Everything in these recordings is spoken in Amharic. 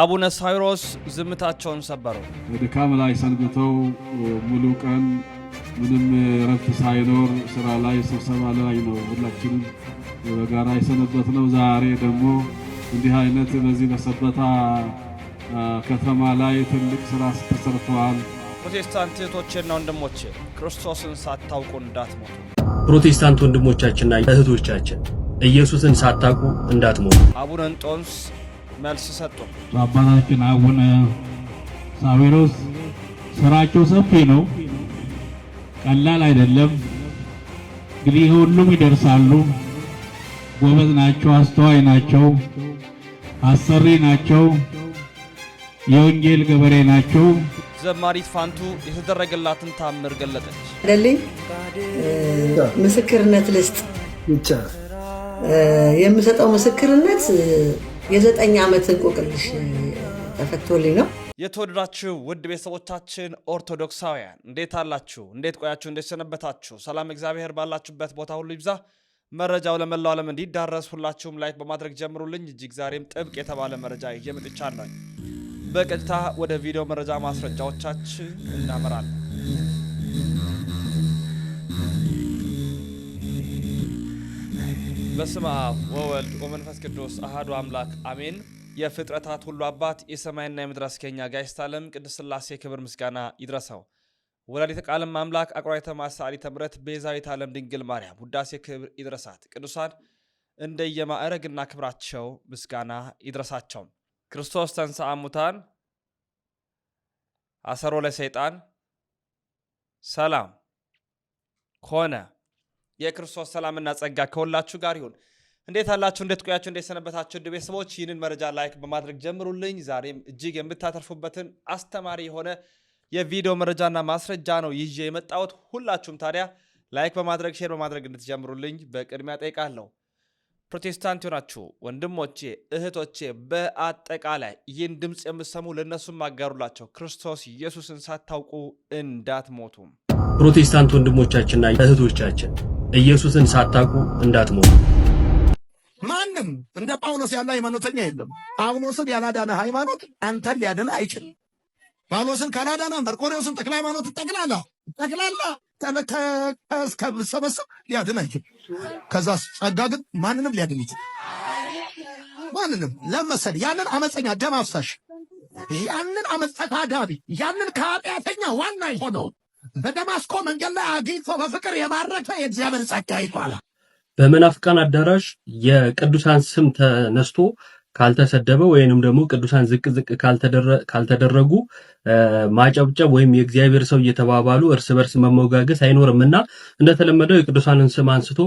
አቡነ ሳይሮስ ዝምታቸውን ሰበሩ። በድካም ላይ ሰንብተው ሙሉ ቀን ምንም ረፍት ሳይኖር ስራ ላይ ስብሰባ ላይ ነው ሁላችንም በጋራ የሰነበት ነው። ዛሬ ደግሞ እንዲህ አይነት በዚህ በሰበታ ከተማ ላይ ትልቅ ስራ ተሰርተዋል። ፕሮቴስታንት እህቶቼና ወንድሞቼ ክርስቶስን ሳታውቁ እንዳትሞቱ። ፕሮቴስታንት ወንድሞቻችንና እህቶቻችን ኢየሱስን ሳታውቁ እንዳትሞቱ። አቡነ እንጦንስ መልስ ሰጡ። አባታችን አቡነ ሳዊሮስ ስራቸው ሰፊ ነው፣ ቀላል አይደለም። እንግዲህ ሁሉም ይደርሳሉ። ጎበዝ ናቸው፣ አስተዋይ ናቸው፣ አሰሪ ናቸው፣ የወንጌል ገበሬ ናቸው። ዘማሪት ፋንቱ የተደረገላትን ታምር ገለጠች። ለልኝ ምስክርነት ልስጥ የምሰጠው ምስክርነት የዘጠኝ ዓመት እንቆቅልሽ ተፈቶልኝ ነው። የተወደዳችሁ ውድ ቤተሰቦቻችን ኦርቶዶክሳውያን እንዴት አላችሁ? እንዴት ቆያችሁ? እንዴት ሰነበታችሁ? ሰላም እግዚአብሔር ባላችሁበት ቦታ ሁሉ ይብዛ። መረጃው ለመላው ዓለም እንዲዳረስ ሁላችሁም ላይክ በማድረግ ጀምሩልኝ። እጅግ ዛሬም ጥብቅ የተባለ መረጃ ይዤ መጥቻለሁ። በቀጥታ ወደ ቪዲዮ መረጃ ማስረጃዎቻችን እናመራለን። በስመ አብ ወወልድ ወመንፈስ ቅዱስ አህዱ አምላክ አሜን። የፍጥረታት ሁሉ አባት የሰማይና የምድር አስኬኛ ጋይስት ዓለም ቅድስት ሥላሴ ክብር ምስጋና ይድረሰው። ወላዲተ ቃል አምላክ አቁራይ ተማሳ ተምረት ቤዛዊት ዓለም ድንግል ማርያም ውዳሴ ክብር ይድረሳት። ቅዱሳን እንደየማዕረግና ክብራቸው ምስጋና ይድረሳቸው። ክርስቶስ ተንሥአ እሙታን አሰሮ ለሰይጣን ሰላም ኮነ የክርስቶስ ሰላምና ጸጋ ከሁላችሁ ጋር ይሁን። እንዴት አላችሁ? እንዴት ቆያችሁ? እንዴት ሰነበታችሁ? ውድ ቤተሰቦች ይህንን መረጃ ላይክ በማድረግ ጀምሩልኝ። ዛሬም እጅግ የምታተርፉበትን አስተማሪ የሆነ የቪዲዮ መረጃና ማስረጃ ነው ይዤ የመጣሁት። ሁላችሁም ታዲያ ላይክ በማድረግ ሼር በማድረግ እንድትጀምሩልኝ በቅድሚያ ጠይቃለሁ። ፕሮቴስታንት የሆናችሁ ወንድሞቼ እህቶቼ፣ በአጠቃላይ ይህን ድምፅ የምትሰሙ ለእነሱም አጋሩላቸው። ክርስቶስ ኢየሱስን ሳታውቁ እንዳትሞቱም። ፕሮቴስታንት ወንድሞቻችንና እህቶቻችን ኢየሱስን ሳታውቁ እንዳትሞቱ። ማንም እንደ ጳውሎስ ያለ ሃይማኖተኛ የለም። ጳውሎስን ያላዳነ ሃይማኖት አንተን ሊያድን አይችልም። ጳውሎስን ካላዳነ መርቆሬዎስን ተክለ ሃይማኖት ጠቅላላ ጠቅላላ ተሰበሰብ ሊያድን አይችልም። ከዛ ጸጋ ግን ማንንም ሊያድን ይችል ማንንም ለመሰል ያንን አመፀኛ ደም አፍሳሽ ያንን አመፀ ካዳቢ ያንን ከኃጢአተኛ ዋና የሆነውን በደማስቆ መንገድ ላይ አግኝቶ በፍቅር የማረከ የእግዚአብሔር ጸጋ ይባላል። በመናፍቃን አዳራሽ የቅዱሳን ስም ተነስቶ ካልተሰደበ ወይንም ደግሞ ቅዱሳን ዝቅ ዝቅ ካልተደረጉ ማጨብጨብ ወይም የእግዚአብሔር ሰው እየተባባሉ እርስ በርስ መሞጋገስ አይኖርም እና እንደተለመደው የቅዱሳንን ስም አንስቶ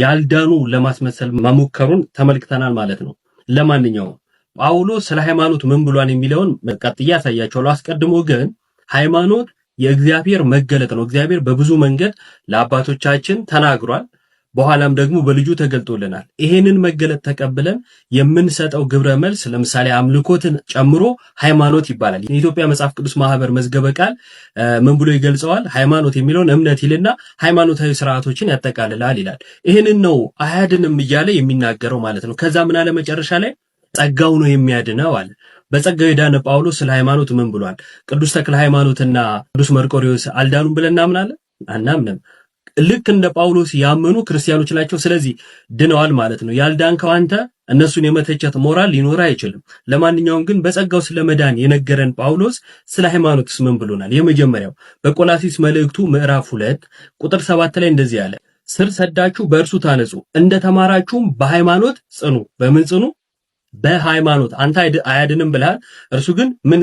ያልዳኑ ለማስመሰል መሞከሩን ተመልክተናል ማለት ነው። ለማንኛውም ጳውሎስ ስለ ሃይማኖት ምን ብሏን የሚለውን ቀጥዬ ያሳያቸዋል። አስቀድሞ ግን ሃይማኖት የእግዚአብሔር መገለጥ ነው። እግዚአብሔር በብዙ መንገድ ለአባቶቻችን ተናግሯል። በኋላም ደግሞ በልጁ ተገልጦልናል። ይሄንን መገለጥ ተቀብለን የምንሰጠው ግብረ መልስ ለምሳሌ አምልኮትን ጨምሮ ሃይማኖት ይባላል። የኢትዮጵያ መጽሐፍ ቅዱስ ማህበር መዝገበ ቃል ምን ብሎ ይገልጸዋል? ሃይማኖት የሚለውን እምነት ይልና ሃይማኖታዊ ስርዓቶችን ያጠቃልላል ይላል። ይህንን ነው አያድንም እያለ የሚናገረው ማለት ነው። ከዛ ምን አለ መጨረሻ ላይ ጸጋው ነው የሚያድነው አለ። በጸጋው የዳነ ጳውሎስ ስለ ሃይማኖት ምን ብሏል? ቅዱስ ተክለ ሃይማኖትና ቅዱስ መርቆሪዎስ አልዳኑም ብለን እናምናለን? አናምንም። ልክ እንደ ጳውሎስ ያመኑ ክርስቲያኖች ናቸው። ስለዚህ ድነዋል ማለት ነው። ያልዳንከው አንተ እነሱን የመተቸት ሞራል ሊኖር አይችልም። ለማንኛውም ግን በጸጋው ስለ መዳን የነገረን ጳውሎስ ስለ ሃይማኖትስ ምን ብሎናል? የመጀመሪያው በቆላሲስ መልእክቱ ምዕራፍ ሁለት ቁጥር ሰባት ላይ እንደዚህ ያለ ስር ሰዳችሁ በእርሱ ታነጹ፣ እንደተማራችሁም በሃይማኖት ጽኑ። በምን ጽኑ? በሃይማኖት አንተ አያድንም ብለሃል፣ እርሱ ግን ምን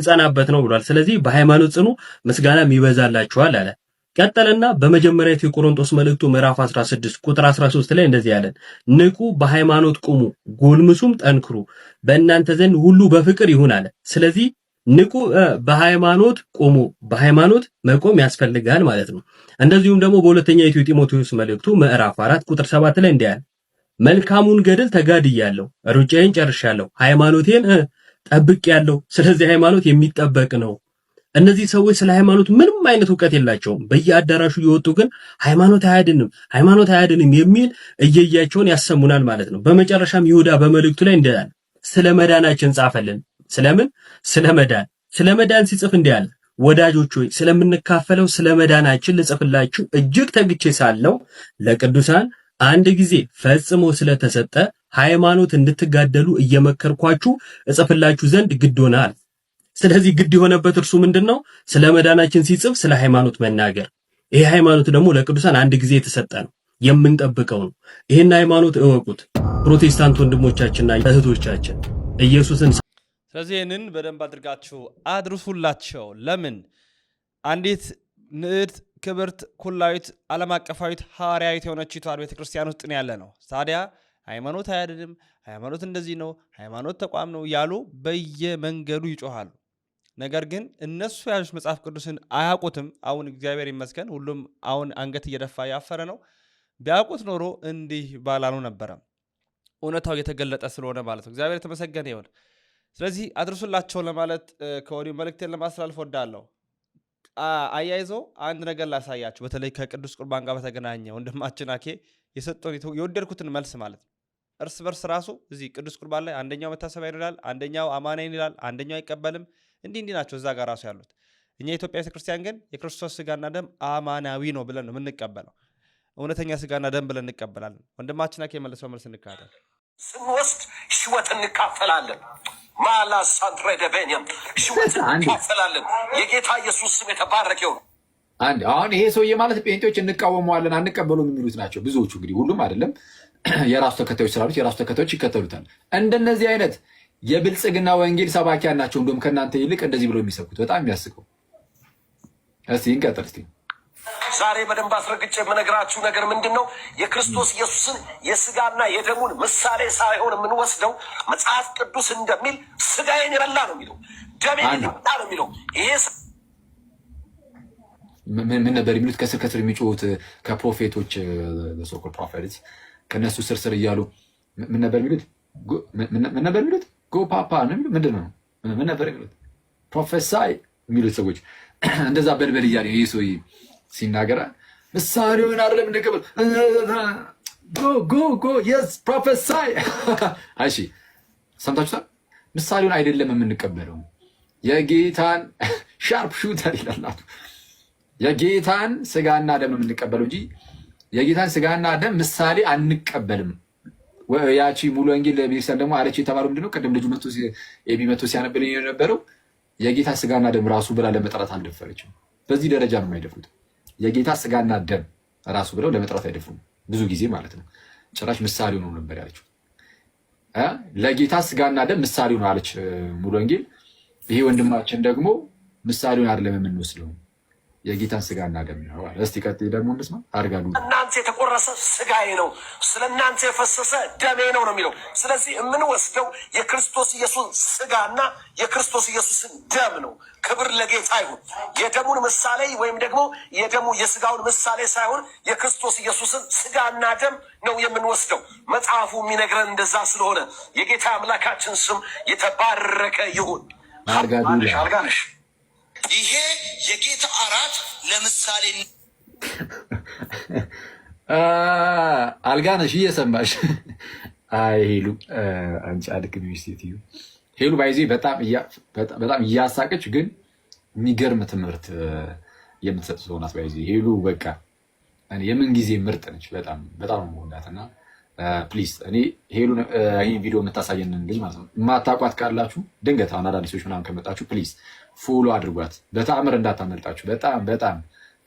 ነው ብሏል። ስለዚህ በሃይማኖት ጽኑ፣ ምስጋናም ይበዛላችኋል አለ። ቀጠለና በመጀመሪያ የቆሮንቶስ መልእክቱ ምዕራፍ 16 ቁጥር 13 ላይ እንደዚህ ያለን፣ ንቁ፣ በሃይማኖት ቁሙ፣ ጎልምሱም፣ ጠንክሩ፣ በእናንተ ዘንድ ሁሉ በፍቅር ይሁን አለ። ስለዚህ ንቁ፣ በሃይማኖት ቁሙ፣ በሃይማኖት መቆም ያስፈልጋል ማለት ነው። እንደዚሁም ደግሞ በሁለተኛ የቲሞቴዎስ መልእክቱ ምዕራፍ 4 ቁጥር 7 ላይ እንዲህ መልካሙን ገድል ተጋድያለሁ፣ ሩጫዬን ጨርሻለሁ፣ ሃይማኖቴን ጠብቄያለሁ። ስለዚህ ሃይማኖት የሚጠበቅ ነው። እነዚህ ሰዎች ስለ ሃይማኖት ምንም አይነት እውቀት የላቸውም። በየአዳራሹ እየወጡ ግን ሃይማኖት አያድንም፣ ሃይማኖት አያድንም የሚል እየያቸውን ያሰሙናል ማለት ነው። በመጨረሻም ይሁዳ በመልእክቱ ላይ እንዳለ ስለ መዳናችን ጻፈልን። ስለምን? ስለ መዳን። ስለ መዳን ሲጽፍ እንዲህ አለ፣ ወዳጆች ሆይ ስለምንካፈለው ስለ መዳናችን ልጽፍላችሁ እጅግ ተግቼ ሳለው ለቅዱሳን አንድ ጊዜ ፈጽሞ ስለተሰጠ ሃይማኖት እንድትጋደሉ እየመከርኳችሁ እጽፍላችሁ ዘንድ ግድ ሆናል። ስለዚህ ግድ የሆነበት እርሱ ምንድነው? ስለ መዳናችን ሲጽፍ ስለ ሃይማኖት መናገር። ይሄ ሃይማኖት ደግሞ ለቅዱሳን አንድ ጊዜ የተሰጠ ነው፣ የምንጠብቀው ነው። ይህን ሃይማኖት እወቁት ፕሮቴስታንት ወንድሞቻችንና እህቶቻችን ኢየሱስን። ስለዚህ ይህንን በደንብ አድርጋችሁ አድርሱላቸው። ለምን አንዲት ንዕድ ክብርት ኩላዊት ዓለም አቀፋዊት ሐዋርያዊት የሆነች ይቷል ቤተ ክርስቲያን ውስጥ ያለ ነው። ታዲያ ሃይማኖት አያድንም፣ ሃይማኖት እንደዚህ ነው፣ ሃይማኖት ተቋም ነው እያሉ በየመንገዱ ይጮሃሉ። ነገር ግን እነሱ ያሉት መጽሐፍ ቅዱስን አያውቁትም። አሁን እግዚአብሔር ይመስገን ሁሉም አሁን አንገት እየደፋ ያፈረ ነው። ቢያውቁት ኖሮ እንዲህ ባላሉ ነበረ። እውነታው የተገለጠ ስለሆነ ማለት ነው። እግዚአብሔር የተመሰገነ ይሆን። ስለዚህ አድርሱላቸው ለማለት ከወዲሁ መልእክቴን ለማስተላለፍ ወዳለሁ። አያይዘው አንድ ነገር ላሳያችሁ። በተለይ ከቅዱስ ቁርባን ጋር በተገናኘ ወንድማችን አኬ የሰጠውን የወደድኩትን መልስ ማለት ነው። እርስ በርስ ራሱ እዚህ ቅዱስ ቁርባን ላይ አንደኛው መታሰቢያ ይላል፣ አንደኛው አማናይን ይላል፣ አንደኛው አይቀበልም። እንዲህ እንዲህ ናቸው እዛ ጋር ራሱ ያሉት። እኛ የኢትዮጵያ ቤተክርስቲያን ግን የክርስቶስ ስጋና ደም አማናዊ ነው ብለን ነው የምንቀበለው። እውነተኛ ስጋና ደም ብለን እንቀበላለን። ወንድማችን አኬ የመለሰው መልስ እንካለን ስንወስድ ህይወት እንካፈላለን ማላ ሳንትሬ ደቤኒያም ሽወት እንካፈላለን። የጌታ ኢየሱስ ስም የተባረከው ይሁን። አንድ አሁን ይሄ ሰውዬ ማለት ጴንጤዎች እንቃወመዋለን አንቀበሉም የሚሉት ናቸው ብዙዎቹ። እንግዲህ ሁሉም አይደለም፣ የራሱ ተከታዮች ስላሉት የራሱ ተከታዮች ይከተሉታል። እንደነዚህ አይነት የብልጽግና ወንጌል ሰባኪያን ናቸው። እንደውም ከእናንተ ይልቅ እንደዚህ ብሎ የሚሰብኩት በጣም የሚያስቀው። እስቲ እንቀጥል እስቲ ዛሬ በደንብ አስረግጬ የምነግራችሁ ነገር ምንድን ነው? የክርስቶስ ኢየሱስን የስጋና የደሙን ምሳሌ ሳይሆን የምንወስደው መጽሐፍ ቅዱስ እንደሚል ስጋዬን የበላ ነው የሚለው ደሜን የበላ ነው የሚለው ይሄ ምን ነበር የሚሉት? ከስር ከስር የሚጮሁት ከፕሮፌቶች ሶል ፕሮፌት ከእነሱ ስር ስር እያሉ ምን ነበር የሚሉት? ምን ነበር የሚሉት? ጎ ፓፓ ነው ምንድን ነው ምን ነበር የሚሉት? ፕሮፌሳይ የሚሉት ሰዎች እንደዛ በልበል እያለ ይህ ሰውዬ ሲናገራ ምሳሌውን አይደለም እንደቀበል ፕሮፌሳይ እሺ ሰምታችሁታል። ምሳሌውን አይደለም የምንቀበለው የጌታን ሻርፕ ሹተር ይላላቱ የጌታን ስጋና ደም የምንቀበለው እንጂ የጌታን ስጋና ደም ምሳሌ አንቀበልም። ያቺ ሙሉ ወንጌል ቤተክርስቲያን ደግሞ አለች የተባለው ምንድነው? ቅድም ልጁ መቶ ኤቢ መቶ የነበረው የጌታ ስጋና ደም ራሱ ብላ ለመጠራት አልደፈረችም። በዚህ ደረጃ ነው የማይደፍሩት። የጌታ ስጋና ደም ራሱ ብለው ለመጥራት አይደፍሩም ብዙ ጊዜ ማለት ነው። ጭራሽ ምሳሌው ነው ነበር ያለችው። ለጌታ ስጋና ደም ምሳሌው ነው አለች ሙሉ ወንጌል። ይሄ ወንድማችን ደግሞ ምሳሌውን አይደለም የምንወስደው የጌታን ስጋ ደም እስቲ ቀጥይ ደግሞ እንስማ። አድርጋ እናንተ የተቆረሰ ስጋዬ ነው፣ ስለ እናንተ የፈሰሰ ደሜ ነው ነው የሚለው። ስለዚህ የምንወስደው የክርስቶስ ኢየሱስን ስጋና የክርስቶስ ኢየሱስን ደም ነው። ክብር ለጌታ ይሁን። የደሙን ምሳሌ ወይም ደግሞ የደሙ የስጋውን ምሳሌ ሳይሆን የክርስቶስ ኢየሱስን ስጋና ደም ነው የምንወስደው። መጽሐፉ የሚነግረን እንደዛ ስለሆነ የጌታ አምላካችን ስም የተባረከ ይሁን። አልጋነሽ ይሄ የጌታ አራት ለምሳሌ አልጋነሽ እየሰማሽ አይ ሄሉ አንቺ አልክም ሴትዮ ሄሉ ባይዜ በጣም እያሳቀች ግን የሚገርም ትምህርት የምትሰጥ ሆናት። ባይዜ ሄሉ በቃ የምን ጊዜ ምርጥ ነች። በጣም በጣም መሆናት እና ፕሊዝ እኔ ሄሉ ይህን ቪዲዮ የምታሳየንን ልጅ ማለት ነው የማታውቋት ካላችሁ ድንገት አሁን አዳዲሶች ምናምን ከመጣችሁ ፕሊስ ፎሎ አድርጓት። በተአምር እንዳታመልጣችሁ። በጣም በጣም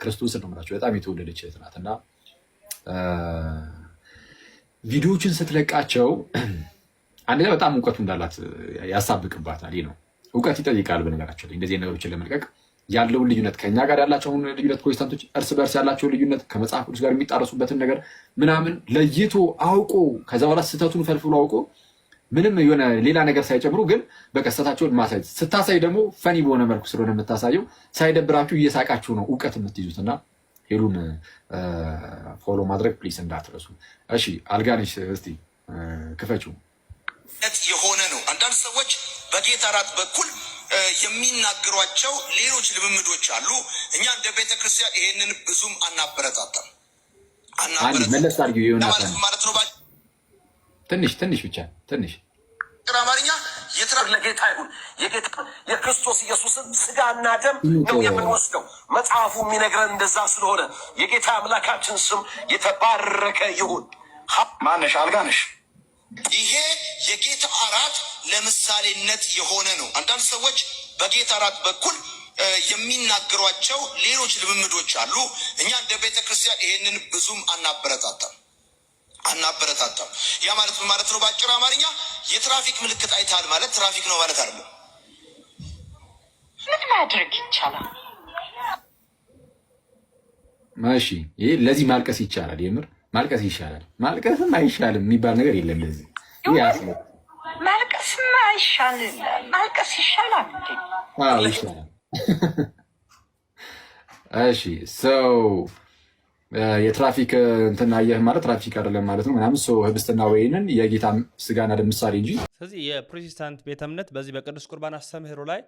ክርስቶስን ነው የምላችሁ። በጣም የተወደደች እህት ናት እና ቪዲዮዎችን ስትለቃቸው አንደኛ በጣም እውቀቱ እንዳላት ያሳብቅባታል። ይህ ነው እውቀት ይጠይቃል። በነገራቸው ላይ እንደዚህ ነገሮችን ለመልቀቅ ያለውን ልዩነት ከእኛ ጋር ያላቸውን ልዩነት ፕሮቴስታንቶች እርስ በርስ ያላቸውን ልዩነት ከመጽሐፍ ቅዱስ ጋር የሚጣረሱበትን ነገር ምናምን ለይቶ አውቆ ከዛ በኋላ ስህተቱን ፈልፍሎ አውቆ ምንም የሆነ ሌላ ነገር ሳይጨምሩ ግን በቀሰታቸውን ማሳየት ስታሳይ ደግሞ ፈኒ በሆነ መልኩ ስለሆነ የምታሳየው ሳይደብራችሁ እየሳቃችሁ ነው እውቀት የምትይዙት እና ሄሉን ፎሎ ማድረግ ፕሊስ እንዳትረሱ እሺ። አልጋነሽ እስቲ ክፈችው የሆነ ነው። አንዳንድ ሰዎች በጌታ እራት በኩል የሚናገሯቸው ሌሎች ልምምዶች አሉ። እኛ እንደ ቤተክርስቲያን ይሄንን ብዙም አናበረታታም። መለስ ማለት ነው ትንሽ ትንሽ ብቻ ትንሽ አማርኛ የትራ ለጌታ ይሁን የጌታ የክርስቶስ ኢየሱስን ስጋና ደም ነው የምንወስደው። መጽሐፉ የሚነግረን እንደዛ ስለሆነ የጌታ አምላካችን ስም የተባረከ ይሁን። ማነሽ አልጋነሽ ይሄ የጌታ አራት ለምሳሌነት የሆነ ነው። አንዳንድ ሰዎች በጌታ አራት በኩል የሚናገሯቸው ሌሎች ልምምዶች አሉ። እኛ እንደ ቤተ ክርስቲያን ይሄንን ብዙም አናበረታታም። አናበረታታም። ያ ማለት ምን ማለት ነው? በአጭር አማርኛ የትራፊክ ምልክት አይታል ማለት ትራፊክ ነው ማለት አይደለም። ምን ማድረግ ይቻላል? እሺ፣ ይሄ ለዚህ ማልቀስ ይቻላል። የምር ማልቀስ ይሻላል። ማልቀስም አይሻልም የሚባል ነገር የለም። ለዚህ ማልቀስም አይሻል ማልቀስ ይሻላል እንዴ? ይሻላል። እሺ ሰው የትራፊክ እንትን አየህ ማለት ትራፊክ አይደለም ማለት ነው ምናምን ህብስትና ወይንን የጌታ ስጋና ደም ምሳሌ እንጂ። ስለዚህ የፕሮቴስታንት ቤተ እምነት በዚህ በቅዱስ ቁርባን አስተምህሮ ላይ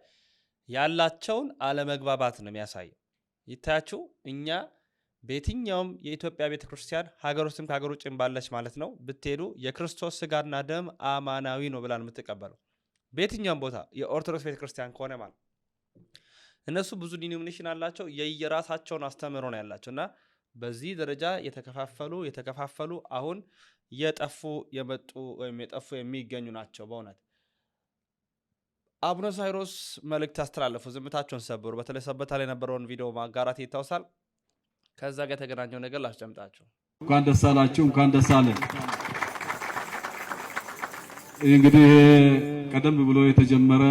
ያላቸውን አለመግባባት ነው የሚያሳየው። ይታያችሁ እኛ በየትኛውም የኢትዮጵያ ቤተክርስቲያን ሀገር ውስጥም ከሀገር ውጭም ባለች ማለት ነው ብትሄዱ የክርስቶስ ስጋና ደም አማናዊ ነው ብላ የምትቀበለው። በየትኛውም ቦታ የኦርቶዶክስ ቤተክርስቲያን ከሆነ ማለት እነሱ ብዙ ዲኖሚኔሽን አላቸው፣ የየራሳቸውን አስተምህሮ ነው ያላቸው እና በዚህ ደረጃ የተከፋፈሉ የተከፋፈሉ አሁን የጠፉ የመጡ ወይም የጠፉ የሚገኙ ናቸው። በእውነት አቡነ ሳይሮስ መልእክት አስተላለፉ። ዝምታቸውን ሰብሩ። በተለይ ሰበታ ላይ የነበረውን ቪዲዮ ማጋራት ይታውሳል። ከዛ ጋር የተገናኘው ነገር ላስጨምጣቸው። እንኳን ደስ አላችሁ፣ እንኳን ደስ አለን። እንግዲህ ቀደም ብሎ የተጀመረ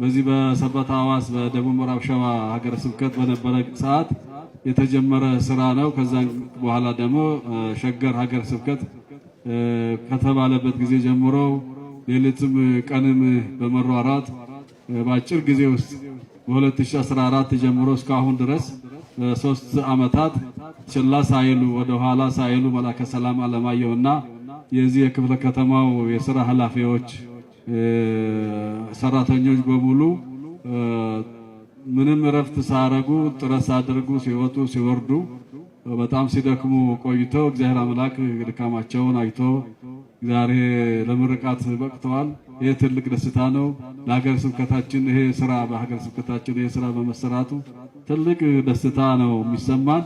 በዚህ በሰበታ ሐዋስ በደቡብ ምዕራብ ሸዋ ሀገረ ስብከት በነበረ ሰዓት የተጀመረ ስራ ነው። ከዛ በኋላ ደግሞ ሸገር ሀገር ስብከት ከተባለበት ጊዜ ጀምሮ ሌሊትም ቀንም በመሯራት በአጭር ጊዜ ውስጥ በ2014 ጀምሮ እስካሁን ድረስ ሶስት ዓመታት ችላ ሳይሉ ወደ ኋላ ሳይሉ መላከ ሰላም አለማየሁና የዚህ የክፍለ ከተማው የስራ ኃላፊዎች ሰራተኞች በሙሉ ምንም እረፍት ሳያደርጉ ጥረት ሳያደርጉ ሲወጡ ሲወርዱ በጣም ሲደክሙ ቆይተው እግዚአብሔር አምላክ ድካማቸውን አይቶ ዛሬ ለምርቃት በቅተዋል። ይሄ ትልቅ ደስታ ነው ለሀገር ስብከታችን። ይሄ ስራ በሀገር ስብከታችን ይሄ ስራ በመሰራቱ ትልቅ ደስታ ነው የሚሰማን።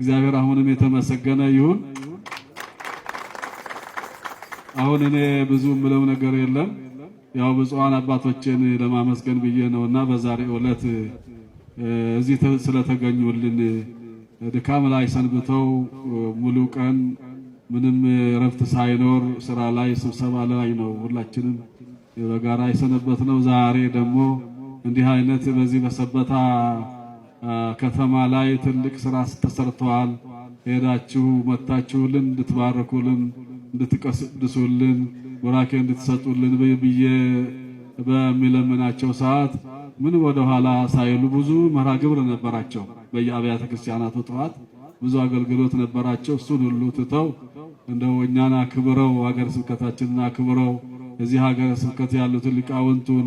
እግዚአብሔር አሁንም የተመሰገነ ይሁን። አሁን እኔ ብዙ የምለው ነገር የለም። ያው ብፁዓን አባቶችን ለማመስገን ብዬ ነውና በዛሬ ዕለት እዚህ ስለተገኙልን ድካም ላይ ሰንብተው ሙሉ ቀን ምንም እረፍት ሳይኖር ስራ ላይ ስብሰባ ላይ ነው ሁላችንም በጋራ የሰነበት ነው። ዛሬ ደግሞ እንዲህ አይነት በዚህ በሰበታ ከተማ ላይ ትልቅ ስራ ተሰርተዋል። ሄዳችሁ መታችሁልን እንድትባርኩልን እንድትቀድሱልን ቡራኬ እንድትሰጡልን ብዬ በሚለምናቸው ሰዓት ምን ወደኋላ ሳይሉ ብዙ መርሃ ግብር ነበራቸው። በየአብያተ ክርስቲያናቱ ጠዋት ብዙ አገልግሎት ነበራቸው። እሱን ሁሉ ትተው እንደው እኛን አክብረው ሀገር ስብከታችንን አክብረው እዚህ ሀገር ስብከት ያሉትን ሊቃውንቱን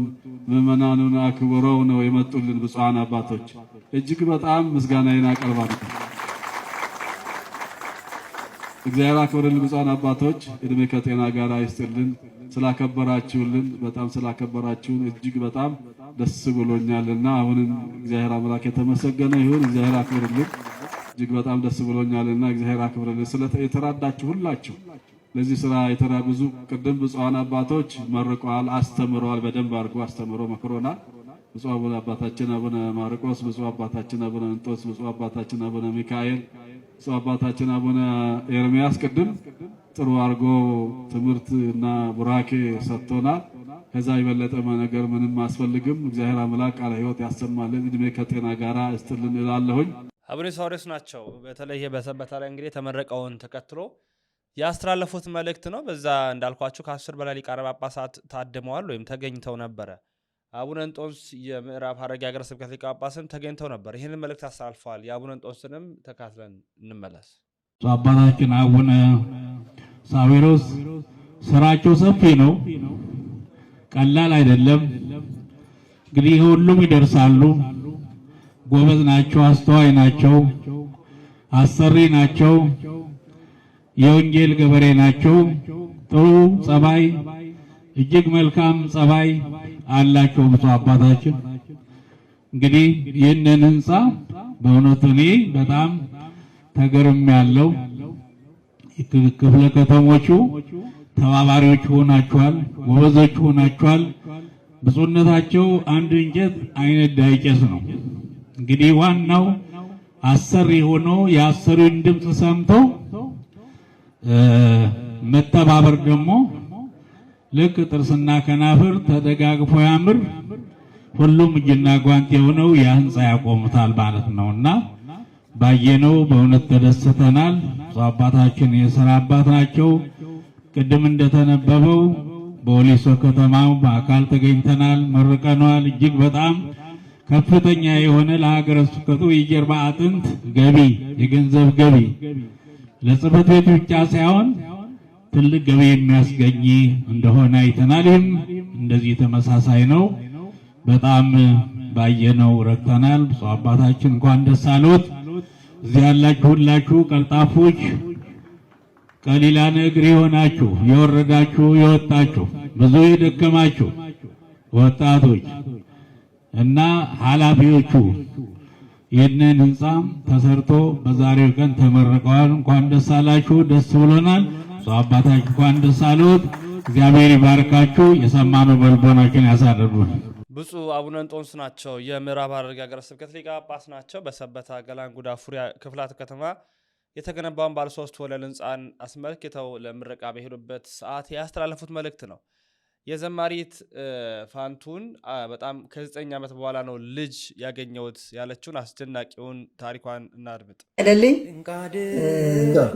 ምዕመናኑን አክብረው ነው የመጡልን ብፁዓን አባቶች። እጅግ በጣም ምስጋናዬን አቀርባለሁ። እግዚአብሔር አክብርልን። ብፁዓን አባቶች እድሜ ከጤና ጋር አይስጥልን። ስላከበራችሁልን በጣም ስላከበራችሁን እጅግ በጣም ደስ ብሎኛልና አሁንም እግዚአብሔር አምላክ የተመሰገነ ይሁን። እግዚአብሔር አክብርልን። እጅግ በጣም ደስ ብሎኛልና እግዚአብሔር አክብርልን። ስለ የተራዳችሁ ሁላችሁ ለዚህ ስራ የተራ ብዙ ቅድም ብፁዓን አባቶች መርቀዋል፣ አስተምረዋል። በደንብ አድርጎ አስተምሮ መክሮናል። ብፁዕ አቡነ አባታችን አቡነ ማርቆስ፣ ብፁዕ አባታችን አቡነ እንጦስ፣ ብፁዕ አባታችን አቡነ ሚካኤል አባታችን አቡነ ኤርሚያስ ቅድም ጥሩ አድርጎ ትምህርት እና ቡራኬ ሰጥቶናል። ከዛ የበለጠ ነገር ምንም አያስፈልግም። እግዚአብሔር አምላክ ቃለ ሕይወት ያሰማልን እድሜ ከጤና ጋራ እስጥልን እላለሁኝ። አቡነ ሳዊሮስ ናቸው። በተለይ በሰበታ ላይ እንግዲህ የተመረቀውን ተከትሎ ያስተላለፉት መልእክት ነው። በዛ እንዳልኳችሁ ከአስር በላይ ሊቃነ ጳጳሳት ታድመዋል ወይም ተገኝተው ነበረ። አቡነ እንጦንስ የምዕራብ ሐረርጌ ሀገረ ስብከት ሊቀ ጳጳስም ተገኝተው ነበር። ይህንን መልእክት አሳልፈዋል። የአቡነ እንጦንስንም ተካትለን እንመለስ። አባታችን አቡነ ሳዊሮስ ስራቸው ሰፊ ነው፣ ቀላል አይደለም። እንግዲህ ሁሉም ይደርሳሉ። ጎበዝ ናቸው፣ አስተዋይ ናቸው፣ አሰሪ ናቸው፣ የወንጌል ገበሬ ናቸው። ጥሩ ጸባይ፣ እጅግ መልካም ጸባይ አላቸው ብፁዕ አባታችን። እንግዲህ ይህንን ህንፃ በእውነቱ እኔ በጣም ተገርም ያለው ክፍለ ከተሞቹ ተባባሪዎች ሆናችኋል፣ ወበዞች ሆናችኋል። ብፁዕነታቸው አንድ እንጨት አይነት ዳይቄስ ነው። እንግዲህ ዋናው አሰሪ ሆኖ የአሰሪውን ድምፅ ሰምቶ መተባበር ደግሞ ልክ ጥርስና ከናፍር ተደጋግፎ ያምር ሁሉም እጅና ጓንት የሆነው ያ ህንፃ ያቆሙታል ማለት ነውና ባየነው በእውነት ተደስተናል። አባታችን የሥራ አባት ናቸው። ቅድም እንደተነበበው በወሊሶ ከተማ በአካል ተገኝተናል፣ መርቀኗል እጅግ በጣም ከፍተኛ የሆነ ለሀገረ ስብከቱ የጀርባ አጥንት ገቢ የገንዘብ ገቢ ለጽህፈት ቤት ብቻ ሳይሆን ትልቅ ገቢ የሚያስገኝ እንደሆነ አይተናል። ይህም እንደዚህ ተመሳሳይ ነው። በጣም ባየነው ረክተናል። ብፁዕ አባታችን እንኳን ደስ አሎት። እዚህ ያላችሁ ሁላችሁ ቀልጣፎች፣ ቀሊላ እግር የሆናችሁ የወረዳችሁ የወጣችሁ ብዙ የደከማችሁ ወጣቶች እና ኃላፊዎቹ ይህንን ህንፃም ተሰርቶ በዛሬው ቀን ተመርቀዋል። እንኳን ደስ አላችሁ። ደስ ብሎናል። ሰው አባታች እንኳን ደስ አሉት። እግዚአብሔር ይባርካችሁ። የሰማነው በልቦናችን ያሳርዱን። ብፁዕ አቡነ እንጦንስ ናቸው የምዕራብ ሐረርጌ ሀገረ ስብከት ሊቀ ጳጳስ ናቸው። በሰበታ ገላንጉዳ ፉሪ ክፍላተ ከተማ የተገነባውን ባለሶስት ወለል ህንፃን አስመልክተው ለምረቃ በሄዱበት ሰዓት ያስተላለፉት መልእክት ነው። የዘማሪት ፋንቱን በጣም ከዘጠኝ ዓመት በኋላ ነው ልጅ ያገኘውት ያለችውን አስደናቂውን ታሪኳን እናድምጥ። አይደልኝ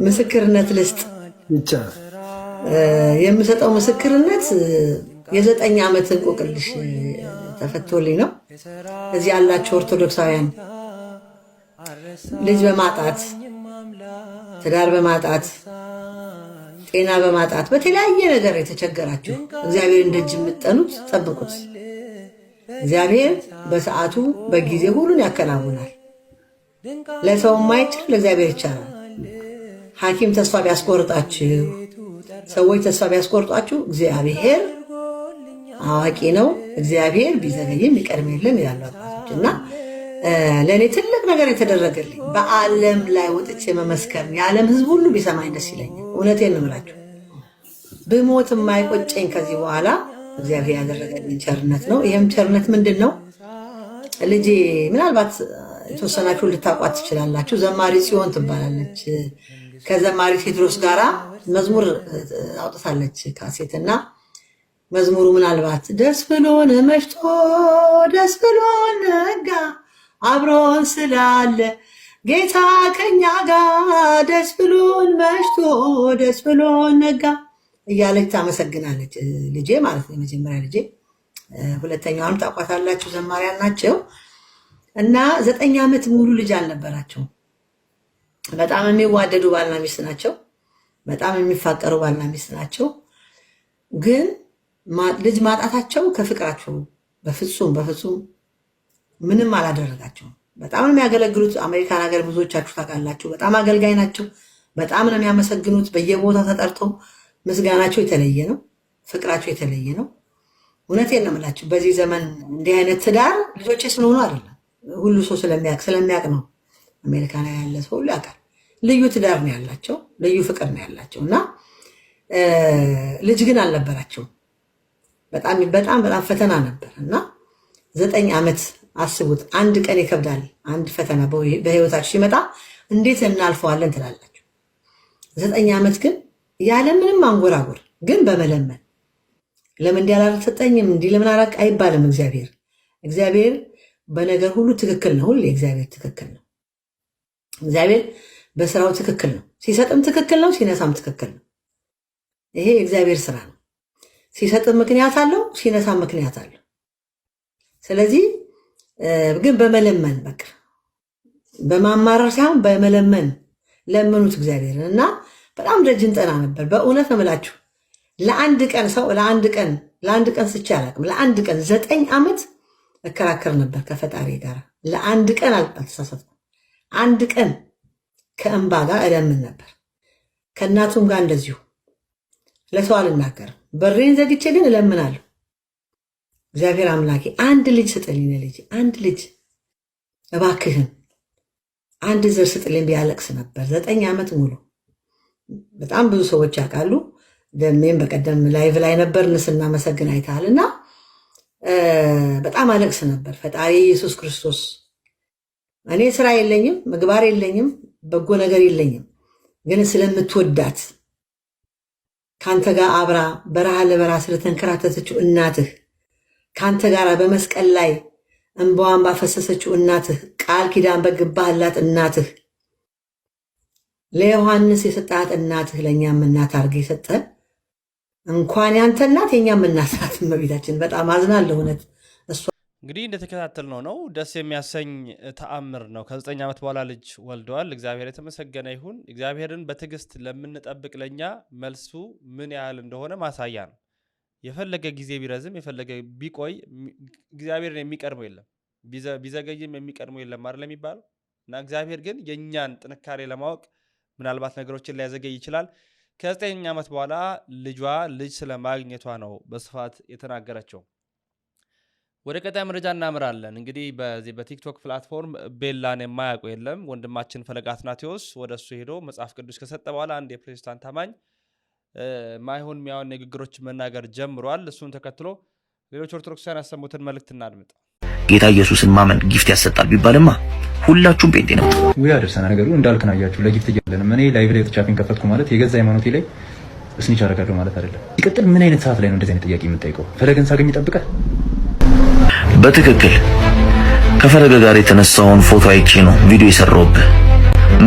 ምስክርነት ልስጥ። የምሰጠው ምስክርነት የዘጠኝ ዓመት እንቆቅልሽ ተፈቶልኝ ነው። እዚህ ያላችሁ ኦርቶዶክሳውያን ልጅ በማጣት ትዳር በማጣት ጤና በማጣት በተለያየ ነገር የተቸገራችሁ እግዚአብሔር እንደጅ የምጠኑት ጠብቁት። እግዚአብሔር በሰዓቱ በጊዜ ሁሉን ያከናውናል። ለሰው የማይቻል ለእግዚአብሔር ይቻላል። ሐኪም ተስፋ ቢያስቆርጣችሁ፣ ሰዎች ተስፋ ቢያስቆርጧችሁ እግዚአብሔር አዋቂ ነው። እግዚአብሔር ቢዘገይም የለም ይላሉ አባቶች እና ለእኔ ትልቅ ነገር የተደረገልኝ በዓለም ላይ ወጥቼ መመስከር የዓለም ሕዝብ ሁሉ ቢሰማኝ ደስ ይለኛል። እውነቴን ነው የምላችሁ። ብሞት የማይቆጨኝ ከዚህ በኋላ እግዚአብሔር ያደረገልኝ ቸርነት ነው። ይህም ቸርነት ምንድን ነው? ልጄ ምናልባት የተወሰናችሁ ልታቋት ትችላላችሁ። ዘማሪ ጽዮን ትባላለች። ከዘማሪ ቴድሮስ ጋራ መዝሙር አውጥታለች ካሴት እና መዝሙሩ ምናልባት ደስ ብሎን መሽቶ ደስ ብሎን ነጋ አብሮን ስላለ ጌታ ከኛ ጋር ደስ ብሎን መሽቶ ደስ ብሎን ነጋ እያለች ታመሰግናለች። ልጄ ማለት ነው የመጀመሪያ ልጄ። ሁለተኛዋንም ታውቋታላችሁ፣ ዘማሪያን ናቸው እና ዘጠኝ ዓመት ሙሉ ልጅ አልነበራቸው። በጣም የሚዋደዱ ባልና ሚስት ናቸው። በጣም የሚፋቀሩ ባልና ሚስት ናቸው። ግን ልጅ ማጣታቸው ከፍቅራቸው በፍጹም በፍጹም ምንም አላደረጋቸውም። በጣም ነው የሚያገለግሉት። አሜሪካን ሀገር ብዙዎቻችሁ ታውቃላችሁ። በጣም አገልጋይ ናቸው። በጣም ነው የሚያመሰግኑት። በየቦታው ተጠርተው ምስጋናቸው የተለየ ነው። ፍቅራቸው የተለየ ነው። እውነቴን ነው የምላችሁ። በዚህ ዘመን እንዲህ አይነት ትዳር ልጆቼ ስለሆኑ አይደለም፣ ሁሉ ሰው ስለሚያውቅ ስለሚያውቅ ነው። አሜሪካን ያለ ሰው ሁሉ ያውቃል። ልዩ ትዳር ነው ያላቸው፣ ልዩ ፍቅር ነው ያላቸው እና ልጅ ግን አልነበራቸውም። በጣም በጣም በጣም ፈተና ነበር እና ዘጠኝ ዓመት አስቡት። አንድ ቀን ይከብዳል። አንድ ፈተና በህይወታችሁ ሲመጣ እንዴት እናልፈዋለን ትላላችሁ። ዘጠኝ ዓመት ግን ያለምንም አንጎራጎር ግን በመለመን ለምን እንዲህ አልሰጠኝም እንዲህ ለምን አራቅ አይባልም። እግዚአብሔር እግዚአብሔር በነገር ሁሉ ትክክል ነው። ሁሌ እግዚአብሔር ትክክል ነው። እግዚአብሔር በስራው ትክክል ነው። ሲሰጥም ትክክል ነው፣ ሲነሳም ትክክል ነው። ይሄ እግዚአብሔር ስራ ነው። ሲሰጥም ምክንያት አለው፣ ሲነሳም ምክንያት አለው። ስለዚህ ግን በመለመን በቃ በማማረር ሳይሆን በመለመን ለምኑት እግዚአብሔርን እና በጣም ደጅን ጠና ነበር። በእውነት ነው የምላችሁ ለአንድ ቀን ሰው ለአንድ ቀን ለአንድ ቀን ስቼ አላውቅም። ለአንድ ቀን ዘጠኝ ዓመት እከራከር ነበር ከፈጣሪ ጋር። ለአንድ ቀን አልተሳሳትኩም። አንድ ቀን ከእንባ ጋር እለምን ነበር። ከእናቱም ጋር እንደዚሁ ለሰው አልናገርም። በሬን ዘግቼ ግን እለምናለሁ። እግዚአብሔር አምላኬ አንድ ልጅ ስጥልኝ፣ ልጅ አንድ ልጅ እባክህን አንድ ዘር ስጥልኝ ቢያለቅስ ነበር ዘጠኝ ዓመት ሙሉ። በጣም ብዙ ሰዎች ያውቃሉ። ደሜም በቀደም ላይቭ ላይ ንስና መሰግን አይተሃል። እና በጣም አለቅስ ነበር። ፈጣሪ ኢየሱስ ክርስቶስ እኔ ስራ የለኝም፣ ምግባር የለኝም፣ በጎ ነገር የለኝም፣ ግን ስለምትወዳት ከአንተ ጋር አብራ በረሃ ለበረሃ ስለተንከራተተችው እናትህ ከአንተ ጋር በመስቀል ላይ እንባዋን ባፈሰሰችው እናትህ ቃል ኪዳን በግባህላት እናትህ ለዮሐንስ የሰጣት እናትህ ለእኛም እናት አድርገህ የሰጠህ እንኳን ያንተ እናት የእኛም እናት ናት እመቤታችን። በጣም አዝናለሁ እውነት። እንግዲህ እንደተከታተል ነው ነው ደስ የሚያሰኝ ተአምር ነው። ከዘጠኝ ዓመት በኋላ ልጅ ወልደዋል። እግዚአብሔር የተመሰገነ ይሁን። እግዚአብሔርን በትዕግስት ለምንጠብቅ ለእኛ መልሱ ምን ያህል እንደሆነ ማሳያ ነው። የፈለገ ጊዜ ቢረዝም የፈለገ ቢቆይ እግዚአብሔርን የሚቀርበው የለም፣ ቢዘገይም የሚቀድመው የለም አይደል የሚባለው እና እግዚአብሔር ግን የእኛን ጥንካሬ ለማወቅ ምናልባት ነገሮችን ሊያዘገይ ይችላል። ከዘጠኝ ዓመት በኋላ ልጇ ልጅ ስለ ማግኘቷ ነው በስፋት የተናገረችው። ወደ ቀጣይ መረጃ እናምራለን። እንግዲህ በዚህ በቲክቶክ ፕላትፎርም ቤላን የማያውቁ የለም። ወንድማችን ፈለጋትናቴዎስ ወደ እሱ ሄዶ መጽሐፍ ቅዱስ ከሰጠ በኋላ አንድ የፕሮቴስታንት አማኝ ማይሆን የሚያሆን ንግግሮች መናገር ጀምሯል። እሱን ተከትሎ ሌሎች ኦርቶዶክሳውያን ያሰሙትን መልእክት እናድምጥ። ጌታ ኢየሱስን ማመን ጊፍት ያሰጣል ቢባልማ ሁላችሁም ጴንጤ ነው። ውይ አደርሰና ነገሩ እንዳልክ ለጊፍት እያለን እኔ ላይቭ ላይ ተቻፊን ከፈትኩ ማለት የገዛ ሃይማኖቴ ላይ እስኒች አደርጋለሁ ማለት አይደለም። ሲቀጥል ምን አይነት ሰዓት ላይ ነው እንደዚህ አይነት ጥያቄ የምጠይቀው? ፈለገን ሳገኝ ይጠብቃል። በትክክል ከፈለገ ጋር የተነሳውን ፎቶ አይቼ ነው ቪዲዮ የሰራሁብህ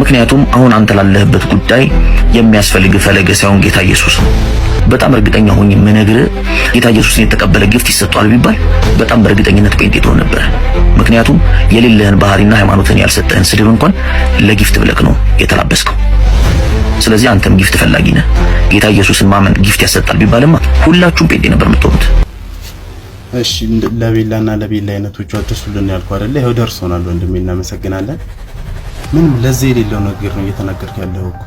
ምክንያቱም አሁን አንተ ላለህበት ጉዳይ የሚያስፈልግ ፈለገ ሳይሆን ጌታ ኢየሱስ ነው። በጣም እርግጠኛ ሆኜ የምነግርህ ጌታ ኢየሱስን የተቀበለ ጊፍት ይሰጠዋል ቢባል በጣም በእርግጠኝነት ጴንጤ ትሆን ነበር። ምክንያቱም የሌለህን ባህሪና ሃይማኖትን ያልሰጠህን ስድብ እንኳን ለጊፍት ብለክ ነው የተላበስከው። ስለዚህ አንተም ጊፍት ፈላጊ ነህ። ጌታ ኢየሱስን ማመን ጊፍት ያሰጣል ቢባልማ ሁላችሁም ጴንጤ ነበር የምትሆኑት። እሺ ለቤላና ለቤላ አይነቶቹ አድርሱልን ያልኩ አይደለ? ይኸው ደርሶናል ወንድሜ፣ እናመሰግናለን። ምንም ለዚህ የሌለው ነገር ነው እየተናገርክ ያለው እኮ።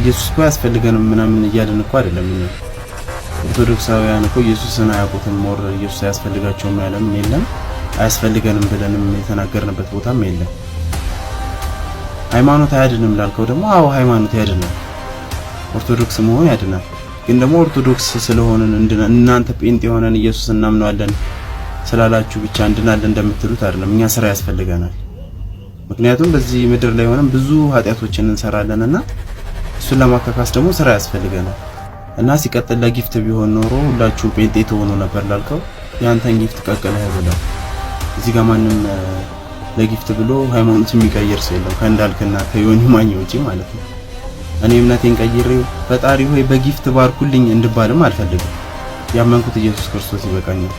ኢየሱስ እኮ አያስፈልገንም ምናምን እያልን እኮ አይደለም። እኛ ኦርቶዶክሳውያን እኮ ኢየሱስን አያውቁትም። ሞር ኢየሱስ አያስፈልጋቸውም ያለም የለም፣ አያስፈልገንም ብለንም የተናገርንበት ቦታም የለም። ሃይማኖት አያድንም ላልከው ደግሞ አዎ ሃይማኖት ያድናል። ኦርቶዶክስ መሆን ያድናል። ግን ደግሞ ኦርቶዶክስ ስለሆንን እናንተ ጴንጤ የሆነን ኢየሱስ እናምነዋለን ስላላችሁ ብቻ እንድናለን እንደምትሉት አይደለም። እኛ ስራ ያስፈልገናል። ምክንያቱም በዚህ ምድር ላይ ሆነን ብዙ ኃጢአቶችን እንሰራለን እና እሱን ለማካካስ ደግሞ ስራ ያስፈልገናል እና ሲቀጥል ለጊፍት ቢሆን ኖሮ ሁላችሁ ጴንጤ ተሆኑ ነበር ላልከው የአንተን ጊፍት ቀቅለህ ብላ እዚህ ጋር ማንም ለጊፍት ብሎ ሃይማኖት የሚቀይር ሰው የለም ከእንዳልክና ከዮኒ ማኝ ውጪ ማለት ነው። እኔ እምነቴን ቀይሬው ፈጣሪ ሆይ በጊፍት ባርኩልኝ እንድባልም አልፈልግም። ያመንኩት ኢየሱስ ክርስቶስ ይበቃኛል።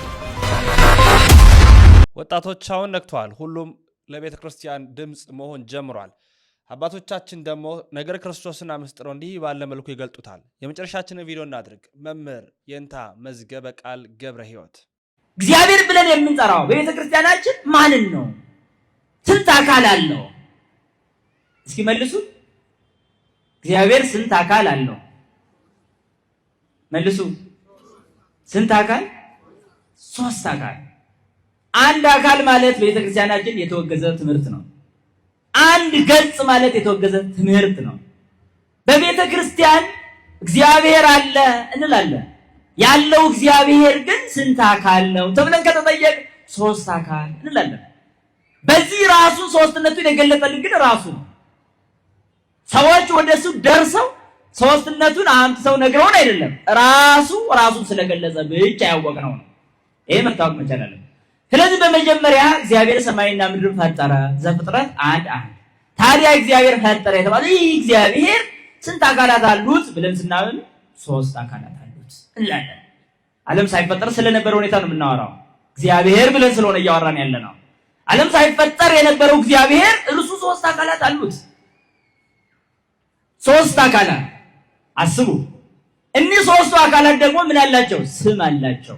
ወጣቶች አሁን ነግተዋል። ሁሉም ለቤተ ክርስቲያን ድምፅ መሆን ጀምሯል። አባቶቻችን ደግሞ ነገር ክርስቶስን አመስጥረው እንዲህ ባለ መልኩ ይገልጡታል። የመጨረሻችንን ቪዲዮ እናድርግ። መምህር የንታ መዝገበ ቃል ገብረ ህይወት እግዚአብሔር ብለን የምንጠራው በቤተ ክርስቲያናችን ማንን ነው? ስንት አካል አለው? እስኪ መልሱ። እግዚአብሔር ስንት አካል አለው? መልሱ። ስንት አካል? ሶስት አካል አንድ አካል ማለት ቤተክርስቲያናችን የተወገዘ ትምህርት ነው። አንድ ገጽ ማለት የተወገዘ ትምህርት ነው። በቤተ ክርስቲያን እግዚአብሔር አለ እንላለን። ያለው እግዚአብሔር ግን ስንት አካል ነው ተብለን ከተጠየቅ ሶስት አካል እንላለን። በዚህ ራሱ ሶስትነቱን የገለጠልን ግን ራሱ ነው። ሰዎች ወደሱ ደርሰው ሶስትነቱን ሰው ነግረውን አይደለም፣ ራሱ ራሱን ስለገለጸ ብቻ ያወቅነው ነው። ይሄ መታወቅ መቻል አለብን። ስለዚህ በመጀመሪያ እግዚአብሔር ሰማይና ምድርን ፈጠረ። ዘፍጥረት አንድ አንድ ታዲያ እግዚአብሔር ፈጠረ የተባለ ይህ እግዚአብሔር ስንት አካላት አሉት ብለን ስናምን ሶስት አካላት አሉት እንላለን። ዓለም ሳይፈጠር ስለነበረ ሁኔታ ነው የምናወራው። እግዚአብሔር ብለን ስለሆነ እያወራን ያለ ነው። ዓለም ሳይፈጠር የነበረው እግዚአብሔር እርሱ ሶስት አካላት አሉት። ሶስት አካላት አስቡ። እኒህ ሶስቱ አካላት ደግሞ ምን አላቸው? ስም አላቸው።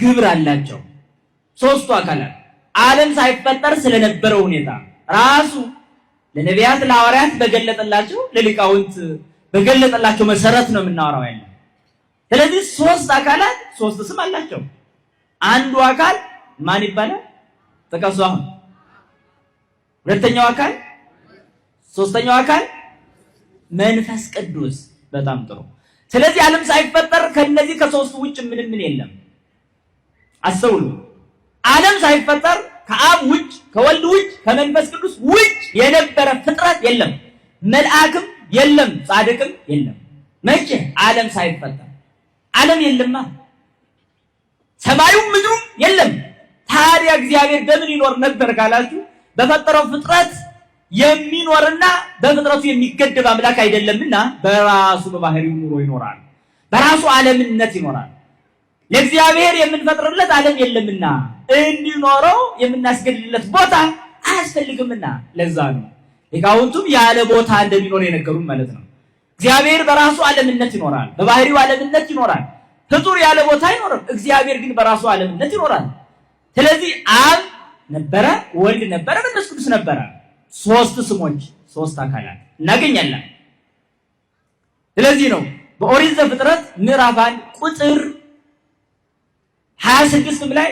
ግብር አላቸው። ሶስቱ አካላት ዓለም ሳይፈጠር ስለነበረው ሁኔታ ራሱ ለነቢያት ለሐዋርያት በገለጠላቸው ለሊቃውንት በገለጠላቸው መሰረት ነው የምናወራው ያለ። ስለዚህ ሶስት አካላት ሶስት ስም አላቸው። አንዱ አካል ማን ይባላል? ጥቀሱ አሁን። ሁለተኛው አካል፣ ሶስተኛው አካል መንፈስ ቅዱስ። በጣም ጥሩ። ስለዚህ ዓለም ሳይፈጠር ከነዚህ ከሶስቱ ውጭ ምንም ምን የለም። አስተውሉ። ዓለም ሳይፈጠር ከአብ ውጭ ከወልድ ውጭ ከመንፈስ ቅዱስ ውጭ የነበረ ፍጥረት የለም። መልአክም የለም፣ ጻድቅም የለም። መቼ? ዓለም ሳይፈጠር ዓለም የለማ፣ ሰማዩም ምድሩም የለም። ታዲያ እግዚአብሔር በምን ይኖር ነበር ካላችሁ በፈጠረው ፍጥረት የሚኖርና በፍጥረቱ የሚገደብ አምላክ አይደለምና በራሱ በባህሪው ኑሮ ይኖራል። በራሱ ዓለምነት ይኖራል። ለእግዚአብሔር የምንፈጥርለት ዓለም የለምና እንዲኖረው የምናስገድልለት ቦታ አያስፈልግምና ለዛ ነው ሊቃውንቱም ያለ ቦታ እንደሚኖር የነገሩን ማለት ነው። እግዚአብሔር በራሱ ዓለምነት ይኖራል፣ በባህሪው ዓለምነት ይኖራል። ፍጡር ያለ ቦታ አይኖርም። እግዚአብሔር ግን በራሱ ዓለምነት ይኖራል። ስለዚህ አብ ነበረ፣ ወልድ ነበረ፣ መንፈስ ቅዱስ ነበረ። ሶስት ስሞች ሶስት አካላት እናገኛለን። ስለዚህ ነው በኦሪት ዘፍጥረት ምዕራፍ አንድ ቁጥር ሀያ ስድስትም ላይ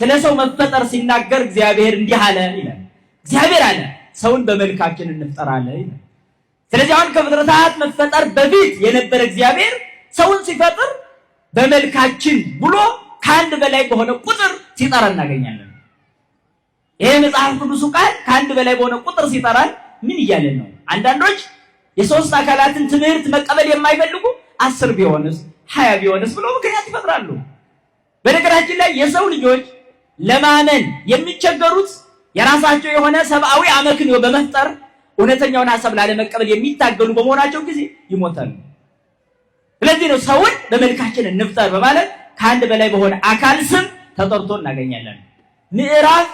ስለ ሰው መፈጠር ሲናገር እግዚአብሔር እንዲህ አለ ይላል። እግዚአብሔር አለ ሰውን በመልካችን እንፍጠር ይላል። ስለዚህ አሁን ከፍጥረታት መፈጠር በፊት የነበረ እግዚአብሔር ሰውን ሲፈጥር በመልካችን ብሎ ከአንድ በላይ በሆነ ቁጥር ሲጠራ እናገኛለን። ይሄ መጽሐፍ ቅዱሱ ቃል ከአንድ በላይ በሆነ ቁጥር ሲጠራ ምን እያለን ነው? አንዳንዶች የሶስት አካላትን ትምህርት መቀበል የማይፈልጉ አስር ቢሆንስ ሀያ ቢሆንስ ብሎ ምክንያት ይፈጥራሉ። በነገራችን ላይ የሰው ልጆች ለማመን የሚቸገሩት የራሳቸው የሆነ ሰብአዊ አመክንዮ በመፍጠር እውነተኛውን ሀሳብ ላለመቀበል የሚታገሉ በመሆናቸው ጊዜ ይሞታሉ። ስለዚህ ነው ሰውን በመልካችን እንፍጠር በማለት ከአንድ በላይ በሆነ አካል ስም ተጠርቶ እናገኛለን። ምዕራፍ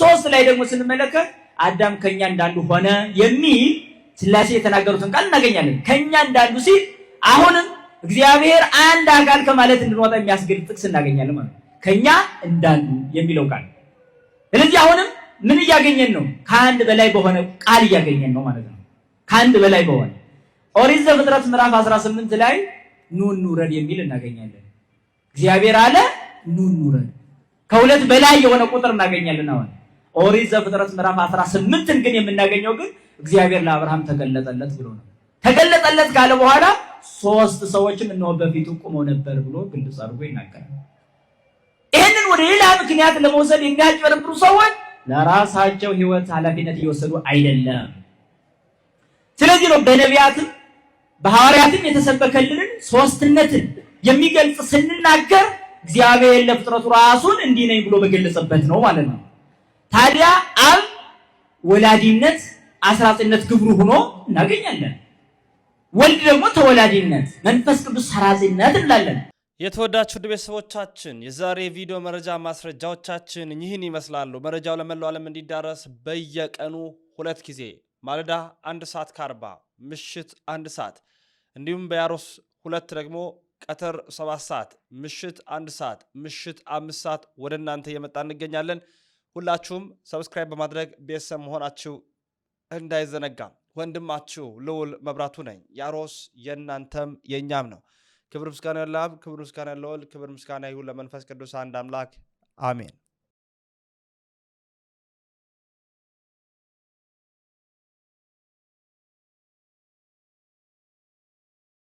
ሶስት ላይ ደግሞ ስንመለከት አዳም ከኛ እንዳንዱ ሆነ የሚል ስላሴ የተናገሩትን ቃል እናገኛለን። ከኛ እንዳንዱ ሲል አሁንም እግዚአብሔር አንድ አካል ከማለት እንድንወጣ የሚያስገድድ ጥቅስ እናገኛለን ማለት ነው። ከኛ እንዳንዱ የሚለው ቃል። ስለዚህ አሁንም ምን እያገኘን ነው? ከአንድ በላይ በሆነ ቃል እያገኘን ነው ማለት ነው። ከአንድ በላይ በሆነ ኦሪት ዘፍጥረት ምዕራፍ 18 ላይ ኑ እንውረድ የሚል እናገኛለን። እግዚአብሔር አለ ኑ እንውረድ። ከሁለት በላይ የሆነ ቁጥር እናገኛለን። አሁን ኦሪት ዘፍጥረት ምዕራፍ 18ን ግን የምናገኘው ግን እግዚአብሔር ለአብርሃም ተገለጠለት ብሎ ነው። ተገለጠለት ካለ በኋላ ሶስት ሰዎችም እነሆ በፊቱ ቁመው ነበር ብሎ ግልጽ አድርጎ ይናገራል። ይህንን ወደ ሌላ ምክንያት ለመውሰድ የሚያጭበረብሩ ሰዎች ለራሳቸው ሕይወት ኃላፊነት እየወሰዱ አይደለም። ስለዚህ ነው በነቢያትም በሐዋርያትም የተሰበከልንን ሶስትነትን የሚገልጽ ስንናገር እግዚአብሔር ለፍጥረቱ ራሱን እንዲህ ነኝ ብሎ በገለጸበት ነው ማለት ነው። ታዲያ አብ ወላዲነት፣ አስራጽነት ግብሩ ሆኖ እናገኛለን። ወልድ ደግሞ ተወላጅነት፣ መንፈስ ቅዱስ ሰራጺነት እንላለን። የተወዳችሁ ውድ ቤተሰቦቻችን የዛሬ ቪዲዮ መረጃ ማስረጃዎቻችን ይህን ይመስላሉ። መረጃው ለመላው ዓለም እንዲዳረስ በየቀኑ ሁለት ጊዜ ማለዳ አንድ ሰዓት ከአርባ ምሽት አንድ ሰዓት እንዲሁም በያሮስ ሁለት ደግሞ ቀተር ሰባት ሰዓት ምሽት አንድ ሰዓት ምሽት አምስት ሰዓት ወደ እናንተ እየመጣ እንገኛለን። ሁላችሁም ሰብስክራይብ በማድረግ ቤተሰብ መሆናችሁ እንዳይዘነጋም ወንድማችሁ ልውል መብራቱ ነኝ። ያሮስ የእናንተም የእኛም ነው። ክብር ምስጋና ለአብ፣ ክብር ምስጋና ለወልድ፣ ክብር ምስጋና ይሁን ለመንፈስ ቅዱስ አንድ አምላክ አሜን።